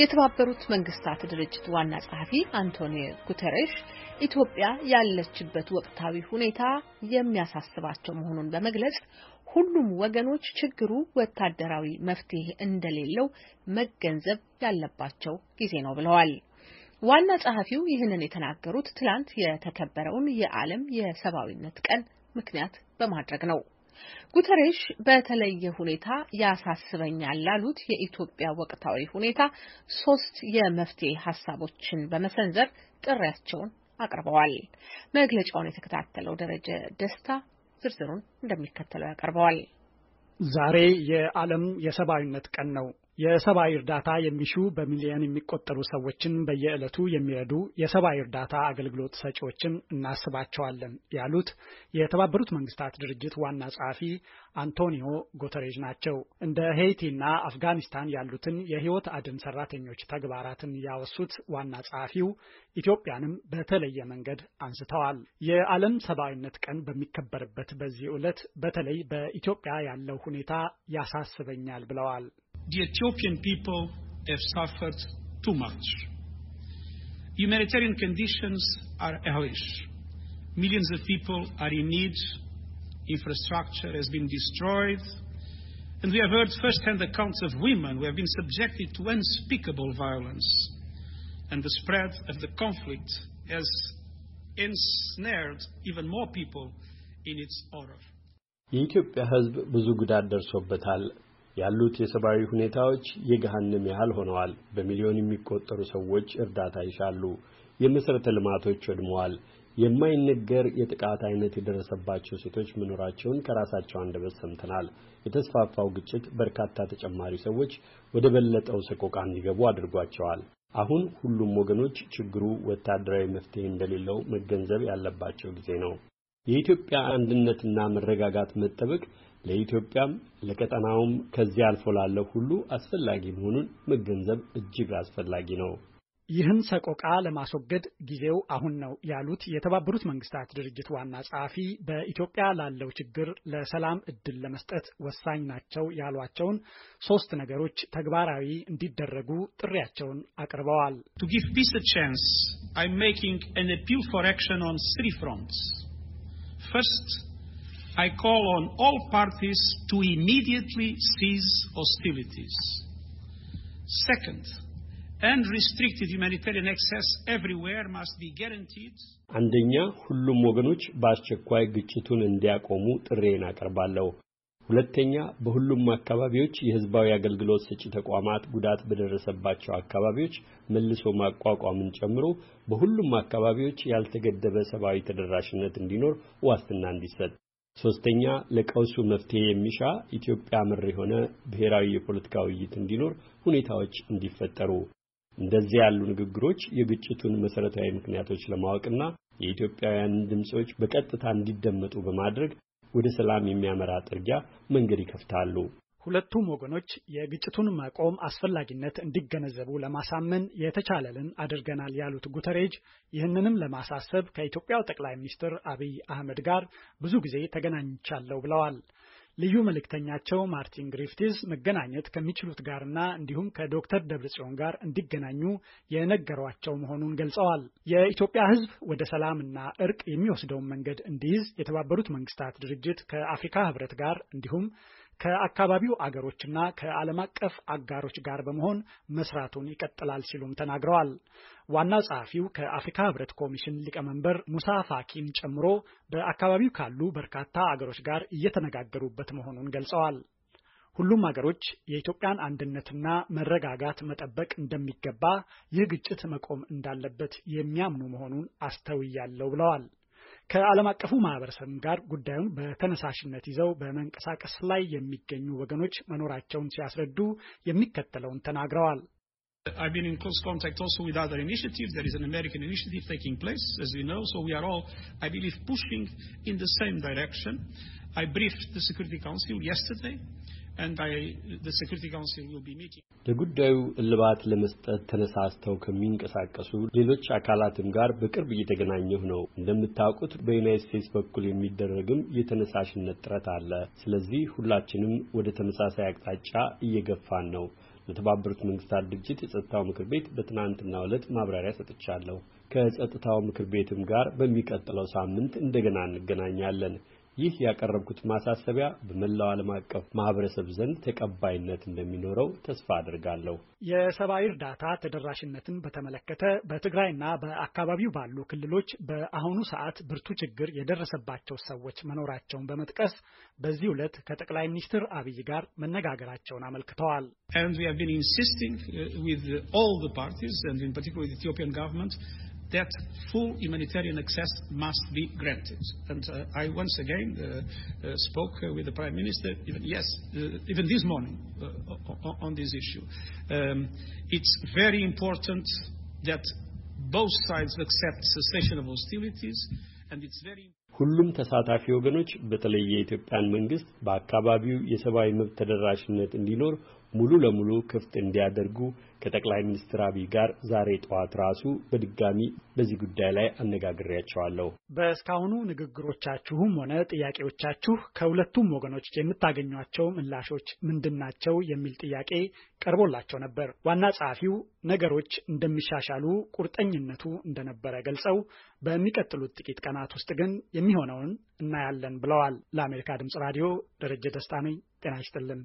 የተባበሩት መንግስታት ድርጅት ዋና ጸሐፊ አንቶኒ ጉተሬሽ ኢትዮጵያ ያለችበት ወቅታዊ ሁኔታ የሚያሳስባቸው መሆኑን በመግለጽ ሁሉም ወገኖች ችግሩ ወታደራዊ መፍትሄ እንደሌለው መገንዘብ ያለባቸው ጊዜ ነው ብለዋል። ዋና ጸሐፊው ይህንን የተናገሩት ትላንት የተከበረውን የዓለም የሰብአዊነት ቀን ምክንያት በማድረግ ነው። ጉተሬሽ በተለየ ሁኔታ ያሳስበኛል ላሉት የኢትዮጵያ ወቅታዊ ሁኔታ ሶስት የመፍትሄ ሀሳቦችን በመሰንዘር ጥሪያቸውን አቅርበዋል። መግለጫውን የተከታተለው ደረጀ ደስታ ዝርዝሩን እንደሚከተለው ያቀርበዋል። ዛሬ የዓለም የሰብአዊነት ቀን ነው። የሰብአዊ እርዳታ የሚሹ በሚሊዮን የሚቆጠሩ ሰዎችን በየዕለቱ የሚረዱ የሰብአዊ እርዳታ አገልግሎት ሰጪዎችን እናስባቸዋለን ያሉት የተባበሩት መንግስታት ድርጅት ዋና ጸሐፊ አንቶኒዮ ጉተሬዥ ናቸው። እንደ ሄይቲና አፍጋኒስታን ያሉትን የህይወት አድን ሰራተኞች ተግባራትን ያወሱት ዋና ጸሐፊው ኢትዮጵያንም በተለየ መንገድ አንስተዋል። የዓለም ሰብአዊነት ቀን በሚከበርበት በዚህ ዕለት በተለይ በኢትዮጵያ ያለው ሁኔታ ያሳስበኛል ብለዋል። the Ethiopian people have suffered too much. Humanitarian conditions are hellish. Millions of people are in need. Infrastructure has been destroyed. and We have heard firsthand accounts of women who have been subjected to unspeakable violence. And The spread of the conflict has ensnared even more people in its horror. የኢትዮጵያ ሕዝብ ብዙ ጉዳት ደርሶበታል። ያሉት የሰብአዊ ሁኔታዎች የገሃነም ያህል ሆነዋል። በሚሊዮን የሚቆጠሩ ሰዎች እርዳታ ይሻሉ። የመሠረተ ልማቶች ወድመዋል። የማይነገር የጥቃት አይነት የደረሰባቸው ሴቶች መኖራቸውን ከራሳቸው አንደበት ሰምተናል። የተስፋፋው ግጭት በርካታ ተጨማሪ ሰዎች ወደ በለጠው ሰቆቃ እንዲገቡ አድርጓቸዋል። አሁን ሁሉም ወገኖች ችግሩ ወታደራዊ መፍትሄ እንደሌለው መገንዘብ ያለባቸው ጊዜ ነው። የኢትዮጵያ አንድነትና መረጋጋት መጠበቅ ለኢትዮጵያም ለቀጠናውም ከዚያ አልፎ ላለው ሁሉ አስፈላጊ መሆኑን መገንዘብ እጅግ አስፈላጊ ነው። ይህን ሰቆቃ ለማስወገድ ጊዜው አሁን ነው ያሉት የተባበሩት መንግስታት ድርጅት ዋና ጸሐፊ በኢትዮጵያ ላለው ችግር ለሰላም እድል ለመስጠት ወሳኝ ናቸው ያሏቸውን ሶስት ነገሮች ተግባራዊ እንዲደረጉ ጥሪያቸውን አቅርበዋል። To give peace a chance, I'm making an I call on all parties to immediately cease hostilities. Second, unrestricted humanitarian access everywhere must be guaranteed. አንደኛ ሁሉም ወገኖች በአስቸኳይ ግጭቱን እንዲያቆሙ ጥሬን አቀርባለሁ። ሁለተኛ በሁሉም አካባቢዎች የሕዝባዊ አገልግሎት ሰጪ ተቋማት ጉዳት በደረሰባቸው አካባቢዎች መልሶ ማቋቋምን ጨምሮ በሁሉም አካባቢዎች ያልተገደበ ሰብአዊ ተደራሽነት እንዲኖር ዋስትና እንዲሰጥ ሶስተኛ ለቀውሱ መፍትሄ የሚሻ ኢትዮጵያ ምር የሆነ ብሔራዊ የፖለቲካ ውይይት እንዲኖር ሁኔታዎች እንዲፈጠሩ እንደዚህ ያሉ ንግግሮች የግጭቱን መሰረታዊ ምክንያቶች ለማወቅና የኢትዮጵያውያንን ድምጾች በቀጥታ እንዲደመጡ በማድረግ ወደ ሰላም የሚያመራ ጥርጊያ መንገድ ይከፍታሉ። ሁለቱም ወገኖች የግጭቱን መቆም አስፈላጊነት እንዲገነዘቡ ለማሳመን የተቻለልን አድርገናል ያሉት ጉተሬጅ ይህንንም ለማሳሰብ ከኢትዮጵያው ጠቅላይ ሚኒስትር አብይ አህመድ ጋር ብዙ ጊዜ ተገናኝቻለሁ ብለዋል። ልዩ መልእክተኛቸው ማርቲን ግሪፍቲስ መገናኘት ከሚችሉት ጋርና እንዲሁም ከዶክተር ደብረጽዮን ጋር እንዲገናኙ የነገሯቸው መሆኑን ገልጸዋል። የኢትዮጵያ ሕዝብ ወደ ሰላምና እርቅ የሚወስደውን መንገድ እንዲይዝ የተባበሩት መንግስታት ድርጅት ከአፍሪካ ሕብረት ጋር እንዲሁም ከአካባቢው አገሮችና ከዓለም አቀፍ አጋሮች ጋር በመሆን መስራቱን ይቀጥላል ሲሉም ተናግረዋል። ዋና ጸሐፊው ከአፍሪካ ህብረት ኮሚሽን ሊቀመንበር ሙሳ ፋኪን ጨምሮ በአካባቢው ካሉ በርካታ አገሮች ጋር እየተነጋገሩበት መሆኑን ገልጸዋል። ሁሉም አገሮች የኢትዮጵያን አንድነትና መረጋጋት መጠበቅ እንደሚገባ፣ ይህ ግጭት መቆም እንዳለበት የሚያምኑ መሆኑን አስተውያለሁ ብለዋል። ከዓለም አቀፉ ማህበረሰብም ጋር ጉዳዩን በተነሳሽነት ይዘው በመንቀሳቀስ ላይ የሚገኙ ወገኖች መኖራቸውን ሲያስረዱ የሚከተለውን ተናግረዋል። I've been in close contact also with other initiatives. There is an American initiative taking place, as you know, so we are all, I believe, pushing in the same direction. I briefed the Security Council yesterday. ለጉዳዩ እልባት ለመስጠት ተነሳስተው ከሚንቀሳቀሱ ሌሎች አካላትም ጋር በቅርብ እየተገናኘሁ ነው። እንደምታውቁት በዩናይት ስቴትስ በኩል የሚደረግም የተነሳሽነት ጥረት አለ። ስለዚህ ሁላችንም ወደ ተመሳሳይ አቅጣጫ እየገፋን ነው። ለተባበሩት መንግስታት ድርጅት የጸጥታው ምክር ቤት በትናንትናው ዕለት ማብራሪያ ሰጥቻለሁ። ከጸጥታው ምክር ቤትም ጋር በሚቀጥለው ሳምንት እንደገና እንገናኛለን። ይህ ያቀረብኩት ማሳሰቢያ በመላው ዓለም አቀፍ ማህበረሰብ ዘንድ ተቀባይነት እንደሚኖረው ተስፋ አድርጋለሁ። የሰብአዊ እርዳታ ተደራሽነትን በተመለከተ በትግራይና በአካባቢው ባሉ ክልሎች በአሁኑ ሰዓት ብርቱ ችግር የደረሰባቸው ሰዎች መኖራቸውን በመጥቀስ በዚህ ዕለት ከጠቅላይ ሚኒስትር አብይ ጋር መነጋገራቸውን አመልክተዋል። And we have been insisting uh, with all the parties and in particular the Ethiopian government that full humanitarian access must be granted. and uh, I once again uh, uh, spoke with the Prime Minister, even this morning, on this issue. Um, it's very important that both sides accept cessation of hostilities, and it's very ሁሉም ተሳታፊ ወገኖች በተለይ የኢትዮጵያን መንግስት በአካባቢው የሰብአዊ መብት ተደራሽነት እንዲኖር ሙሉ ለሙሉ ክፍት እንዲያደርጉ ከጠቅላይ ሚኒስትር አብይ ጋር ዛሬ ጠዋት ራሱ በድጋሚ በዚህ ጉዳይ ላይ አነጋግሬያቸዋለሁ። በእስካሁኑ ንግግሮቻችሁም ሆነ ጥያቄዎቻችሁ ከሁለቱም ወገኖች የምታገኟቸው ምላሾች ምንድን ናቸው የሚል ጥያቄ ቀርቦላቸው ነበር። ዋና ጸሐፊው ነገሮች እንደሚሻሻሉ ቁርጠኝነቱ እንደነበረ ገልጸው በሚቀጥሉት ጥቂት ቀናት ውስጥ ግን የሚሆነውን እናያለን ብለዋል። ለአሜሪካ ድምጽ ራዲዮ ደረጀ ደስታ ነኝ። ጤና ይስጥልን።